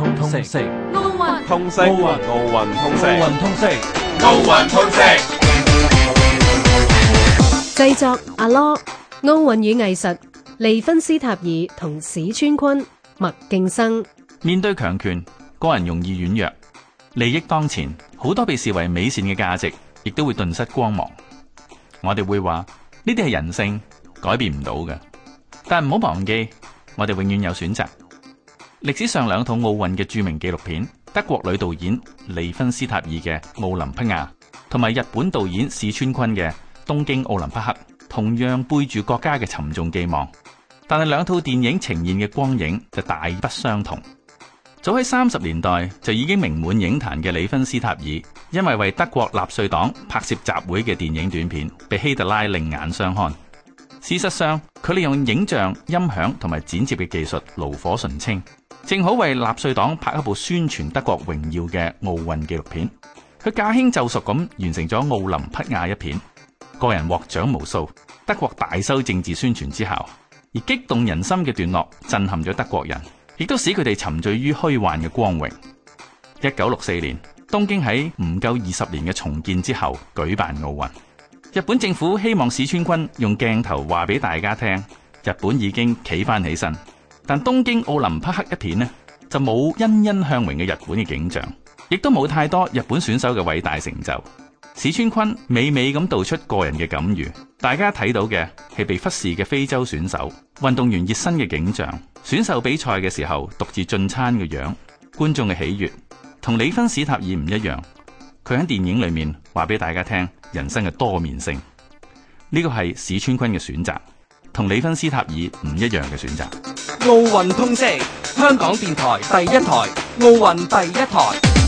通通奧運，奧運，奧運通識奧運通識奧運通識製作 Alo,：阿羅，奧運與藝術，里芬斯塔爾同市川崑，麥敬生。面對強權，個人容易軟弱；利益當前，好多被視為美善嘅價值，亦都會頓失光芒。我哋會話呢啲係人性改變唔到嘅，但唔好忘記，我哋永遠有選擇。歷史上兩套奧運嘅著名紀錄片，德國女導演里芬斯塔爾嘅《奧林匹亞》同埋日本導演市川崑嘅《東京奧林匹克》，同樣背住國家嘅沉重寄望，但係兩套電影呈現嘅光影就大不相同。早喺三十年代就已經名滿影壇嘅里芬斯塔爾，因為為德國納粹黨拍攝集會嘅電影短片，被希特拉另眼相看。事實上，佢利用影像、音響同埋剪接嘅技術爐火純青。正好為納粹黨拍一部宣傳德國榮耀嘅奧運紀錄片，佢駕輕就熟咁完成咗奧林匹亞一片，個人獲獎無數。德國大修政治宣傳之後，而激動人心嘅段落震撼咗德國人，亦都使佢哋沉醉於虛幻嘅光榮。一九六四年東京喺唔夠二十年嘅重建之後舉辦奧運，日本政府希望市川崑用鏡頭話俾大家聽，日本已經企返起身。但東京奧林匹克一片呢，就冇欣欣向榮嘅日本嘅景象，亦都冇太多日本選手嘅偉大成就。市川崑美美咁道出個人嘅感遇，大家睇到嘅係被忽視嘅非洲選手、運動員熱身嘅景象，選手比賽嘅時候獨自進餐嘅樣，觀眾嘅喜悅，同里芬斯塔爾唔一樣。佢喺電影裏面話俾大家聽人生嘅多面性，呢個係市川崑嘅選擇，同里芬斯塔爾唔一樣嘅選擇。奧運通識，香港電台第一台，奧運第一台。